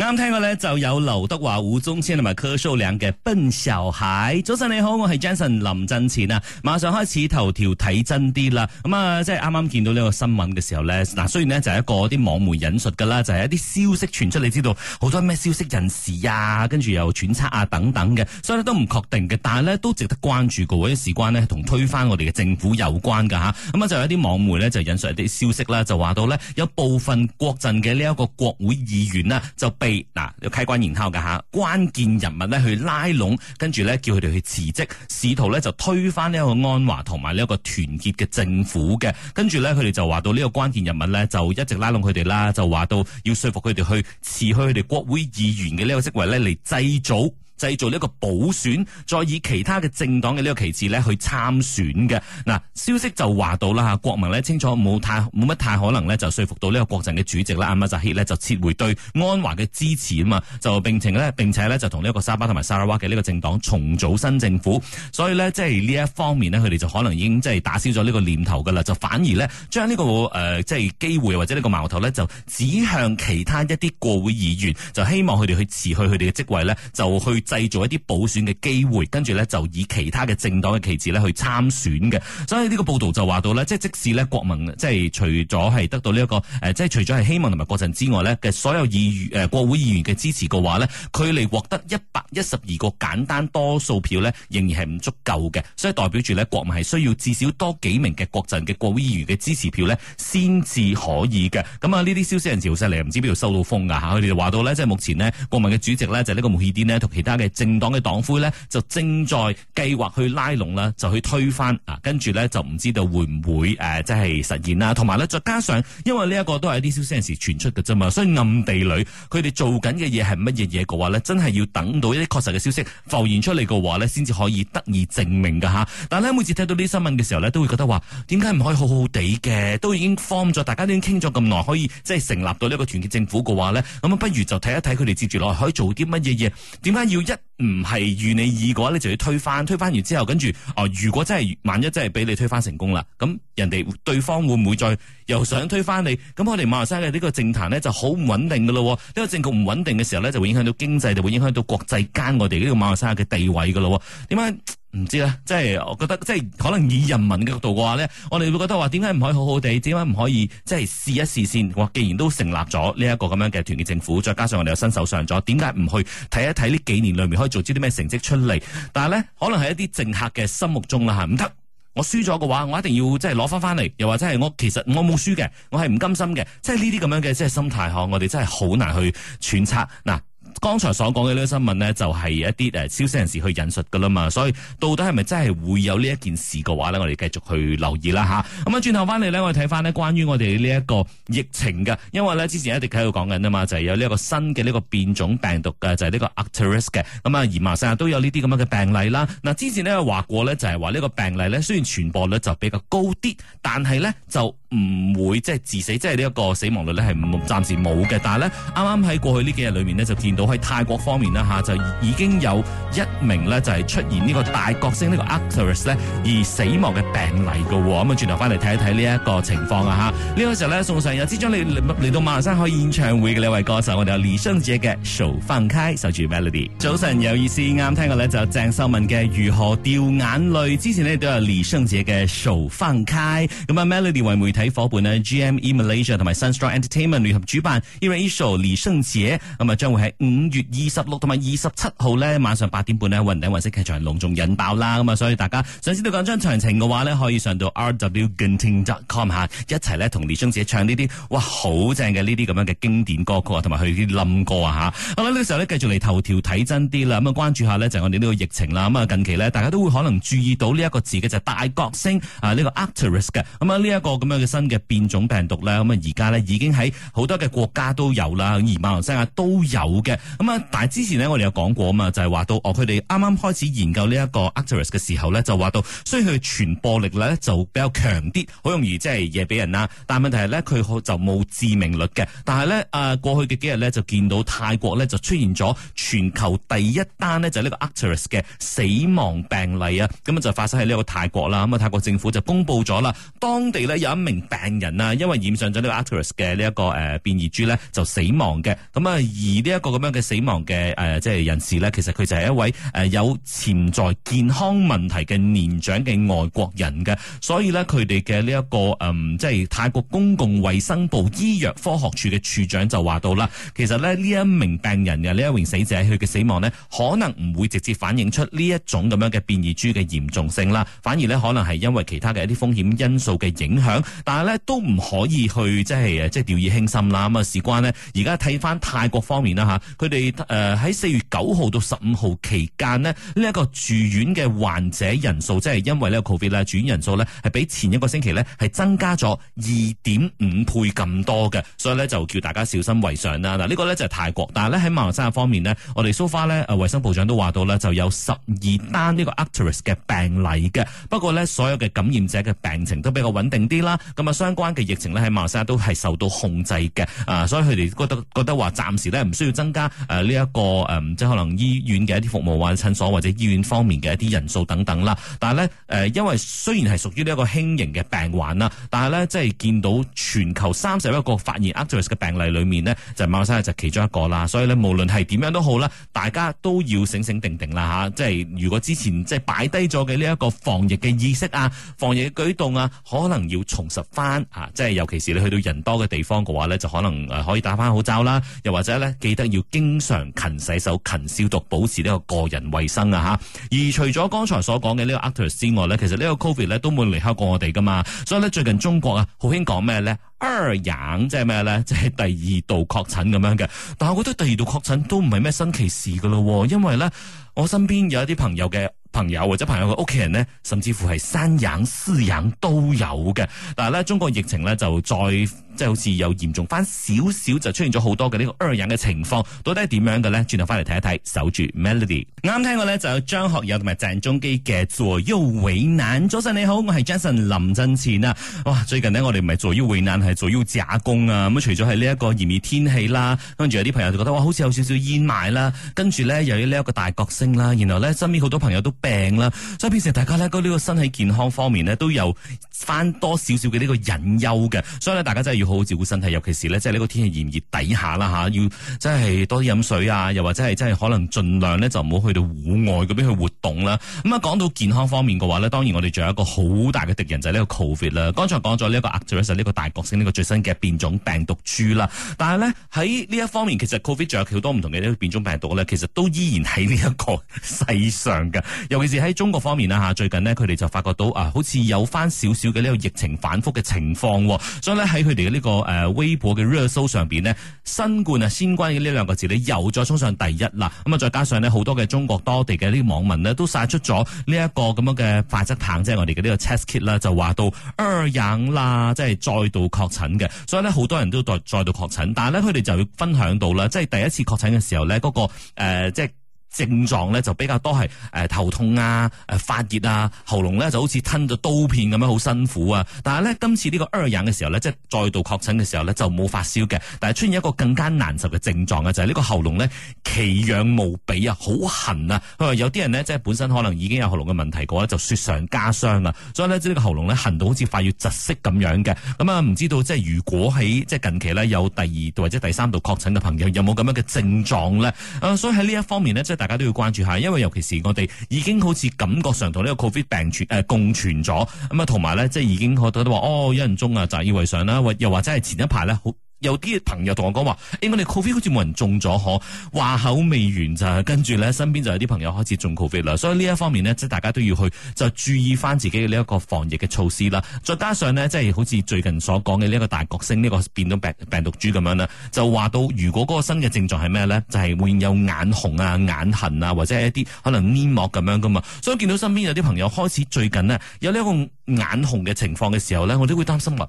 啱聽過咧，就有劉德華、吳宗憲同埋柯受良嘅《笨小孩》。早晨你好，我係 Jensen 林振前啊！馬上開始頭條睇真啲啦。咁啊，即係啱啱見到呢個新聞嘅時候咧，嗱，雖然呢就係一個啲網媒引述噶啦，就係、是、一啲消息傳出，你知道好多咩消息人士啊，跟住又揣測啊等等嘅，所以都唔確定嘅，但係咧都值得關注過嗰啲事關呢，同推翻我哋嘅政府有關噶吓。咁啊就有一啲網媒咧就引述一啲消息啦，就話到呢，有部分國陣嘅呢一個國會議員啦就。嗱，要開關然後嘅吓，關鍵人物咧去拉攏，跟住咧叫佢哋去辭職，試圖咧就推翻呢一個安華同埋呢一個團結嘅政府嘅，跟住咧佢哋就話到呢個關鍵人物咧就一直拉攏佢哋啦，就話到要說服佢哋去辭去佢哋國會議員嘅呢個職位咧嚟製造。製造呢一個補選，再以其他嘅政黨嘅呢個旗幟咧去參選嘅嗱，消息就話到啦嚇，國民呢清楚冇太冇乜太可能呢就說服到呢個國陣嘅主席啦，阿馬扎希呢，就撤回對安華嘅支持啊嘛，就並且呢並且呢就同呢一個沙巴同埋沙拉瓦嘅呢個政黨重組新政府，所以呢，即係呢一方面呢，佢哋就可能已經即係打消咗呢個念頭噶啦，就反而呢，將呢、呢個誒、呃、即係機會或者呢個矛頭呢，就指向其他一啲國會議員，就希望佢哋去辭去佢哋嘅職位呢，就去。製造一啲補選嘅機會，跟住呢就以其他嘅政黨嘅旗幟咧去參選嘅。所以呢個報道就話到呢，即係即使咧國民即係除咗係得到呢、這、一個誒、呃，即係除咗係希盟同埋國陣之外呢，嘅所有議員誒、呃、國會議員嘅支持嘅話呢，距離獲得一百一十二個簡單多數票呢，仍然係唔足夠嘅。所以代表住呢，國民係需要至少多幾名嘅國陣嘅國會議員嘅支持票呢，先至可以嘅。咁啊呢啲消息人士嚟唔知邊度收到風㗎嚇，佢、啊、哋就話到呢，即係目前呢，國民嘅主席呢，就呢個穆希丁呢，同其他。嘅政黨嘅黨魁咧，就正在計劃去拉攏啦，就去推翻啊！跟住咧就唔知道會唔會誒，即、呃、係實現啦、啊。同埋咧，再加上因為呢一個都係一啲消息人士傳出嘅啫嘛，所以暗地裏佢哋做緊嘅嘢係乜嘢嘢嘅話咧，真係要等到一啲確實嘅消息浮現出嚟嘅話咧，先至可以得以證明嘅吓。但係咧每次睇到呢啲新聞嘅時候咧，都會覺得話，點解唔可以好好地嘅？都已經 form 咗，大家都已經傾咗咁耐，可以即係成立到呢一個團結政府嘅話咧，咁啊不如就睇一睇佢哋接住落嚟可以做啲乜嘢嘢？點解要？一唔係如你意嘅話，你就要推翻，推翻完之後，跟住、呃、如果真係萬一真係俾你推翻成功啦，咁人哋對方會唔會再又想推翻你？咁我哋馬來西亞嘅呢個政壇咧就好唔穩定噶咯，呢、呢個政局唔穩定嘅時候咧，就會影響到經濟，就會影響到國際間我哋呢個馬來西亞嘅地位噶咯，點解？唔知咧，即係我覺得，即係可能以人民嘅角度嘅話咧，我哋會覺得話，點解唔可以好好地？點解唔可以即係試一試先？我既然都成立咗呢一個咁樣嘅團結政府，再加上我哋又新手上咗，點解唔去睇一睇呢幾年裏面可以做啲咩成績出嚟？但係咧，可能係一啲政客嘅心目中啦吓，唔得，我輸咗嘅話，我一定要即係攞翻翻嚟，又或者係我其實我冇輸嘅，我係唔甘心嘅，即係呢啲咁樣嘅即係心態，我哋真係好難去揣測嗱。剛才所講嘅呢個新聞呢，就係一啲誒消息人士去引述噶啦嘛，所以到底係咪真係會有呢一件事嘅話呢，我哋繼續去留意啦吓，咁啊，轉頭翻嚟呢，我哋睇翻呢關於我哋呢一個疫情嘅，因為呢之前一直喺度講緊啊嘛，就係有呢個新嘅呢個變種病毒嘅，就係呢個 Arcturus 嘅。咁啊，而馬上都有呢啲咁樣嘅病例啦。嗱，之前呢話過呢，就係話呢個病例呢，雖然傳播率就比較高啲，但係呢就唔會即係致死，即係呢一個死亡率呢，係冇暫時冇嘅。但係呢，啱啱喺過去呢幾日裡面呢，就見到。喺泰國方面啦，吓就已經有一名咧就係、是、出現呢個大角星呢、這個 Arcturus 咧而死亡嘅病例噶，咁啊轉頭翻嚟睇一睇呢一個情況啊，吓、這、呢個時候咧，送上有支將嚟嚟到馬來西亞開演唱會嘅呢位歌手，我哋有李聖傑嘅《Show Funky》守住 Melody。早晨有意思，啱聽過咧就鄭秀文嘅《如何掉眼淚》，之前呢，都有李聖傑嘅《Show Funky》咁啊 Melody 為媒體伙伴呢，GME Malaysia 同埋 Sunstar Entertainment 聯合主辦 Iraiso，李姐，李聖傑咁啊將會喺。五月二十六同埋二十七號呢，晚上八點半呢，雲頂雲色劇場隆重引爆啦！咁啊，所以大家想知道講張詳情嘅話呢，可以上到 rwgenting.com 嚇，一齊呢，同李章姐唱呢啲哇好正嘅呢啲咁樣嘅經典歌曲啊，同埋佢啲冧歌啊嚇！好啦，呢個時候呢，繼續嚟頭條睇真啲啦，咁啊關注下呢，就我哋呢個疫情啦，咁啊近期呢，大家都會可能注意到呢一個字嘅就係、大角星啊呢、呢個 Arcturus 嘅，咁啊呢一、呢個咁樣嘅新嘅變種病毒咧，咁啊而家呢，已經喺好多嘅國家都有啦，而馬來西亞都有嘅。咁啊！但係之前咧，我哋有講過啊嘛，就係、是、話到哦，佢哋啱啱開始研究呢一個 Arcturus 嘅時候咧，就話到，雖然佢嘅傳播力咧就比較強啲，好容易即係嘢俾人啦。但係問題係咧，佢就冇致命率嘅。但係咧，誒過去嘅幾日咧，就見到泰國咧就出現咗全球第一單呢就係呢個 Arcturus 嘅死亡病例啊。咁就發生喺呢個泰國啦。咁啊，泰國政府就公布咗啦，當地咧有一名病人啊，因為染上咗呢個 Arcturus 嘅呢、這、一個誒、呃、變異株咧，就死亡嘅。咁啊，而呢、這、一個咁樣。嘅死亡嘅誒、呃，即係人士呢，其實佢就係一位誒、呃、有潛在健康問題嘅年長嘅外國人嘅，所以呢，佢哋嘅呢一個誒、嗯，即係泰國公共衛生部醫藥科學處嘅處長就話到啦，其實呢，呢一名病人嘅呢一名死者佢嘅死亡呢，可能唔會直接反映出呢一種咁樣嘅變異株嘅嚴重性啦，反而呢，可能係因為其他嘅一啲風險因素嘅影響，但係呢，都唔可以去即係誒即係掉以輕心啦。咁啊，事關呢，而家睇翻泰國方面啦嚇。佢哋誒喺四月九號到十五號期間呢，呢一個住院嘅患者人數，即係因為呢個 COVID 呢住院人數呢，係比前一個星期呢，係增加咗二點五倍咁多嘅，所以呢，就叫大家小心為上啦。嗱，呢個呢，就係泰國，但係呢，喺馬來西亞方面呢，我哋 so far 呢，誒衞生部長都話到呢，就有十二單呢個 Arcturus 嘅病例嘅，不過呢，所有嘅感染者嘅病情都比較穩定啲啦。咁啊，相關嘅疫情呢，喺馬來西亞都係受到控制嘅，啊，所以佢哋覺得覺得話暫時呢，唔需要增加。誒、呃，呢、這、一個誒、呃，即係可能醫院嘅一啲服務或者診所或者醫院方面嘅一啲人數等等啦。但係咧，誒、呃，因為雖然係屬於呢一個輕型嘅病患啦，但係咧，即係見到全球三十一個發現 XO 嘅病例裏面呢，就是，馬來西亞就其中一個啦。所以咧，無論係點樣都好啦，大家都要醒醒定定啦吓、啊。即係如果之前即係擺低咗嘅呢一個防疫嘅意識啊、防疫嘅舉動啊，可能要重拾翻、啊、即係尤其是你去到人多嘅地方嘅話呢，就可能誒、呃、可以打翻好口罩啦。又或者呢，記得要。經常勤洗手、勤消毒，保持呢個個人衞生啊！嚇、嗯，而除咗剛才所講嘅呢個 actors 之外咧，其實呢個 covid 咧都冇離開過我哋噶嘛，所以咧最近中國啊好興講咩咧？二陽即係咩咧？即係第二度確診咁樣嘅，但係我覺得第二度確診都唔係咩新奇事噶咯、哦，因為咧我身邊有一啲朋友嘅朋友或者朋友嘅屋企人咧，甚至乎係三陽四陽都有嘅。但係咧，中國疫情咧就再即係好似又嚴重翻少少，就出現咗好多嘅呢個二陽嘅情況。到底係點樣嘅咧？轉頭翻嚟睇一睇，守住 Melody。啱聽過咧，就有張學友同埋鄭中基嘅《左右為難》。早晨你好，我係 Jason 林振前啊！哇，最近呢，我哋唔係《左右為難》係。做要假工啊！咁除咗係呢一個炎熱天氣啦、啊，跟住有啲朋友就覺得哇，好似有少少煙霾啦、啊，跟住咧又要呢一個大角星啦，然後咧身邊好多朋友都病啦、啊，所以變成大家咧嗰呢、這個身體健康方面咧都有翻多少少嘅呢個隱憂嘅，所以咧大家真係要好好照顧身體，尤其是咧即係呢、就是、個天氣炎熱底下啦、啊、吓，要真係多啲飲水啊，又或者係真係可能盡量咧就唔好去到戶外嗰邊去活動啦。咁啊，講到健康方面嘅話咧，當然我哋仲有一個好大嘅敵人就係、是、呢個 COVID 啦。剛才講咗呢一個 Arcturus 呢個大角星。呢個最新嘅變種病毒株啦，但係咧喺呢一方面，其實 Covid 仲有好多唔同嘅呢個變種病毒咧，其實都依然喺呢一個世上嘅。尤其是喺中國方面啦嚇，最近呢，佢哋就發覺到啊，好似有翻少少嘅呢個疫情反覆嘅情況，所以咧喺佢哋嘅呢個誒微博嘅熱搜上邊呢，新冠啊、先冠嘅呢兩個字呢，又再衝上第一啦。咁啊，再加上呢，好多嘅中國多地嘅呢個網民呢，都晒出咗呢一個咁樣嘅快測棒，即係我哋嘅呢個 test kit 啦，就話到二陽啦，即係再度確。診嘅，所以咧好多人都再再度確診，但係咧，佢哋就會分享到啦，即係第一次確診嘅時候咧，嗰個誒即係。症狀咧就比較多係誒、呃、頭痛啊、誒、呃、發熱啊、喉嚨咧就好似吞咗刀片咁樣好辛苦啊！但係咧今次呢個二 r 嘅時候咧，即係再度確診嘅時候咧，就冇發燒嘅，但係出現一個更加難受嘅症狀啊，就係、是、呢個喉嚨咧奇癢無比啊，好痕啊！有啲人呢，即係本身可能已經有喉嚨嘅問題嘅咧，就雪上加霜啊。所以呢，即係個喉嚨咧痕到好似快要窒息咁樣嘅。咁啊唔知道即係如果喺即係近期咧有第二或者第三度確診嘅朋友，有冇咁樣嘅症狀咧？啊、呃，所以喺呢一方面呢。即大家都要關注下，因為尤其是我哋已經好似感覺上同呢個 COVID 病共存咗，咁啊同埋咧，即係已經覺得都話：「哦，一人中啊就係習以為常啦，或又或者係前一排咧好。有啲朋友同我講話，誒、欸，我哋 Covid 好似冇人中咗㗎，話口未完就係跟住咧，身邊就有啲朋友開始中 Covid 啦，所以呢一方面呢，即係大家都要去就注意返自己嘅呢一個防疫嘅措施啦，再加上呢，即係好似最近所講嘅呢一個大角星呢、呢個變種病病毒株咁樣啦，就話到如果嗰個新嘅症狀係咩呢？就係、是、會有眼紅啊、眼痕啊，或者係一啲可能黏膜咁樣噶嘛，所以見到身邊有啲朋友開始最近呢，有呢一個眼紅嘅情況嘅時候呢，我都會擔心話，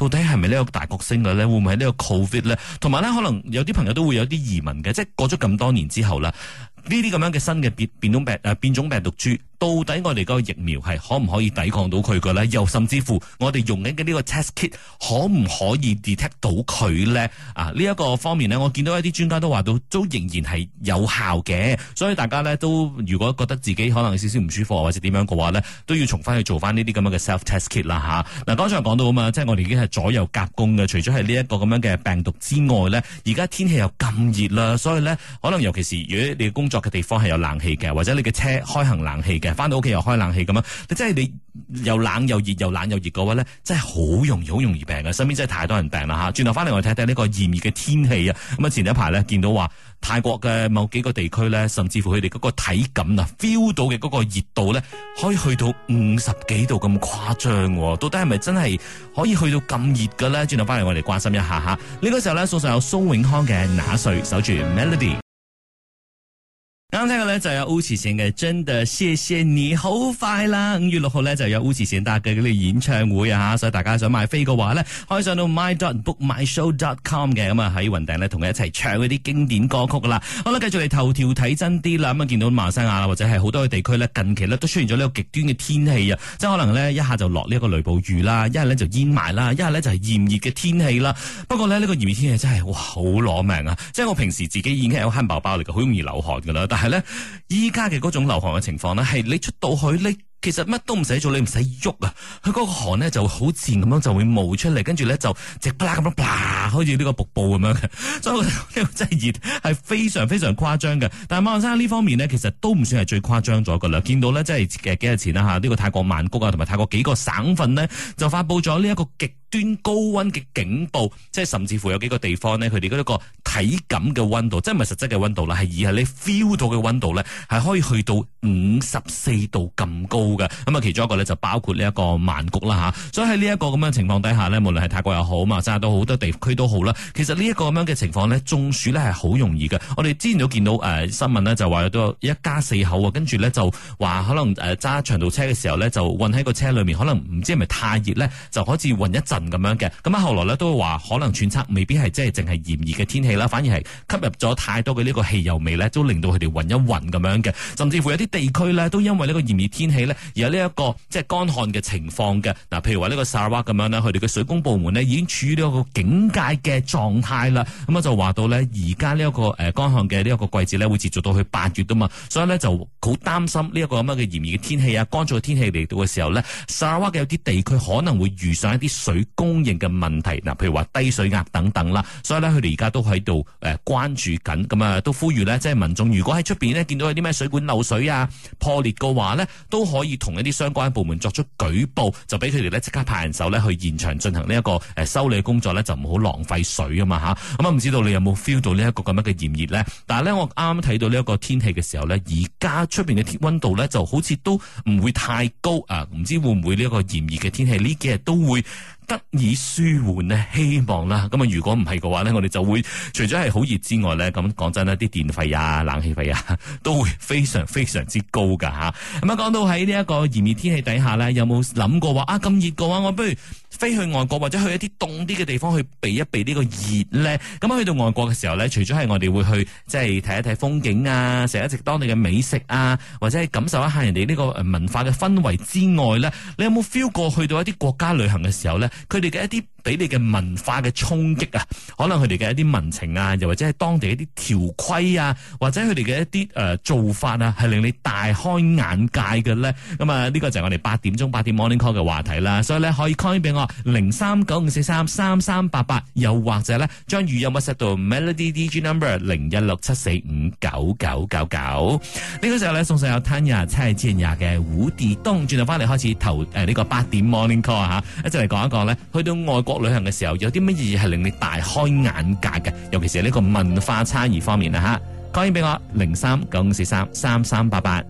到底係咪呢個大國星嘅咧？會，會，唔會，係呢個 COVID 咧？同埋咧，可能有啲朋友都會有啲疑問嘅，即係過咗咁多年之後啦。呢啲咁樣嘅新嘅變種種病誒變種病毒株，到底我哋個疫苗係可唔可以抵抗到佢嘅咧？又甚至乎我哋用緊嘅呢個 test kit 可唔可以 detect 到佢咧？啊，呢一個方面呢，我見到一啲專家都話到，都仍然係有效嘅。所以大家咧，都如果覺得自己可能有少少唔舒服或者點樣嘅話咧，都要重翻去做翻呢啲咁樣嘅 self test kit 啦吓。嗱，剛、啊、才講到啊嘛，即係我哋已經係左右夾攻嘅，除咗係呢一個咁樣嘅病毒之外咧，而家天氣又咁熱啦，所以咧，可能尤其是如果你嘅工作，嘅地方係有冷氣嘅，或者你嘅車開行冷氣嘅，翻到屋企又開冷氣咁樣，你真係你又冷又熱又冷又熱嘅話咧，真係好容易好容易病㗎。身邊真係太多人病啦嚇！轉頭翻嚟我哋睇睇呢個炎熱嘅天氣啊！咁啊前一排咧見到話泰國嘅某幾個地區咧，甚至乎佢哋嗰個體感啊 feel 到嘅嗰個熱度咧，可以去到五十幾度咁誇張喎！到底係咪真係可以去到咁熱嘅咧？轉頭翻嚟我哋關心一下嚇。呢個時候咧，送上有蘇永康嘅《納稅守住 Melody》。啱聽嘅咧就有巫啟賢嘅真的謝謝你，好快啦，五月六號咧就有巫啟賢大嘅嗰啲演唱會啊吓，所以大家想買飛嘅話咧，可以上到 my dot book my show dot com 嘅，咁啊喺雲頂呢，同佢一齊唱嗰啲經典歌曲噶啦。好啦，繼續嚟頭條睇真啲啦，咁啊見到馬來西亞或者係好多嘅地區咧，近期呢都出現咗呢個極端嘅天氣啊，即係可能咧一下就落呢個雷暴雨啦，一係咧就煙霾啦，一係咧就係炎熱嘅天氣啦。不過呢，呢、呢個炎熱天氣真係好攞命啊！即係我平時自己已經係慳爆爆嚟嘅，好容易流汗噶啦，係咧，依家嘅嗰種流行嘅情況咧，係你出到去呢？其實乜都唔使做，你唔使喐啊！佢嗰個汗咧就好自然咁樣就會冒出嚟，跟住咧就直啪啦咁樣，啪啦，好似呢個瀑布咁樣嘅。所以這個、真係真係熱，係非常非常誇張嘅。但係馬鞍山呢方面呢，其實都唔算係最誇張咗噶啦。見到呢即係幾日前啦吓，呢、這個泰國曼谷啊，同埋泰國幾個省份呢，就發布咗呢一個極端高溫嘅警報，即係甚至乎有幾個地方呢，佢哋嗰個體感嘅溫度，即係唔係實質嘅溫度啦，係而係你 feel 到嘅溫度呢，係可以去到五十四度咁高。嘅咁啊，其中一個咧就包括呢一個曼谷啦吓，所以喺呢一個咁樣情況底下呢，無論係泰國又好啊，甚至到好多地區都好啦。其實呢一個咁樣嘅情況呢，中暑呢係好容易嘅。我哋之前都見到誒、呃、新聞呢，就話都一家四口喎，跟住呢就話可能誒揸、呃、長途車嘅時候呢，就暈喺個車裏面，可能唔知係咪太熱呢，就好似暈一陣咁樣嘅。咁啊，後來呢，都話可能揣測未必係即係淨係炎熱嘅天氣啦，反而係吸入咗太多嘅呢個汽油味呢，都令到佢哋暈一暈咁樣嘅。甚至乎有啲地區呢，都因為呢個炎熱天氣呢。而有呢一個即係乾旱嘅情況嘅。嗱，譬如話呢個沙拉瓦咁樣呢，佢哋嘅水工部門呢已經處於呢一個警戒嘅狀態啦。咁啊就話到呢、這個，而家呢一個誒乾旱嘅呢一個季節咧，會持續到去八月啊嘛。所以呢，就好擔心呢一個咁嘅炎熱嘅天氣啊，乾燥嘅天氣嚟到嘅時候呢，沙拉瓦嘅有啲地區可能會遇上一啲水供應嘅問題。嗱，譬如話低水壓等等啦。所以呢，佢哋而家都喺度誒關注緊，咁啊都呼籲呢，即係民眾如果喺出面呢見到有啲咩水管漏水啊、破裂嘅話呢，都可以。要同一啲相關部門作出舉報，就俾佢哋咧即刻派人手咧去現場進行呢一個誒修理工作咧，就唔好浪費水啊嘛嚇！咁啊唔知道你有冇 feel 到呢一個咁樣嘅炎熱咧？但係咧我啱啱睇到呢一個天氣嘅時候咧，而家出邊嘅溫度咧就好似都唔會太高啊！唔知會唔會呢一個炎熱嘅天氣呢幾日都會得以舒緩呢，希望啦。咁啊，如果唔係嘅話呢，我哋就會除咗係好熱之外呢，咁講真呢，啲電費啊、冷氣費啊，都會非常非常之高噶嚇。咁啊，講到喺呢一個炎熱天氣底下呢，有冇諗過話啊，咁熱嘅話，我不如飛去外國或者去一啲凍啲嘅地方去避一避呢個熱呢？咁啊，去到外國嘅時候呢，除咗係我哋會去即係睇一睇風景啊，食一食當地嘅美食啊，或者係感受一下人哋呢個文化嘅氛圍之外呢，你有冇 feel 過去到一啲國家旅行嘅時候呢？佢哋嘅一啲俾你嘅文化嘅衝擊啊，可能佢哋嘅一啲民情啊，又或者係當地一啲條規啊，或者佢哋嘅一啲誒、呃、做法啊，係令你大開眼界嘅咧。咁、嗯、啊、呢、這個就係我哋八點鐘八點 morning call 嘅話題啦。所以咧，可以 call 俾我零三九五四三三三八八，3388，又或者咧將預有乜 set 到 Melody D G number 零一六七四五九九九九。呢、這個時候咧送上有聽日七日之前廿嘅胡蝶東轉頭翻嚟開始投誒呢個八點 morning call 吓、啊、一陣嚟講一講咧。去到外國旅行嘅時候，有啲乜嘢係令你大開眼界嘅？尤其是呢個文化差異方面啦，吓，講完俾我零三九五四三三三八八。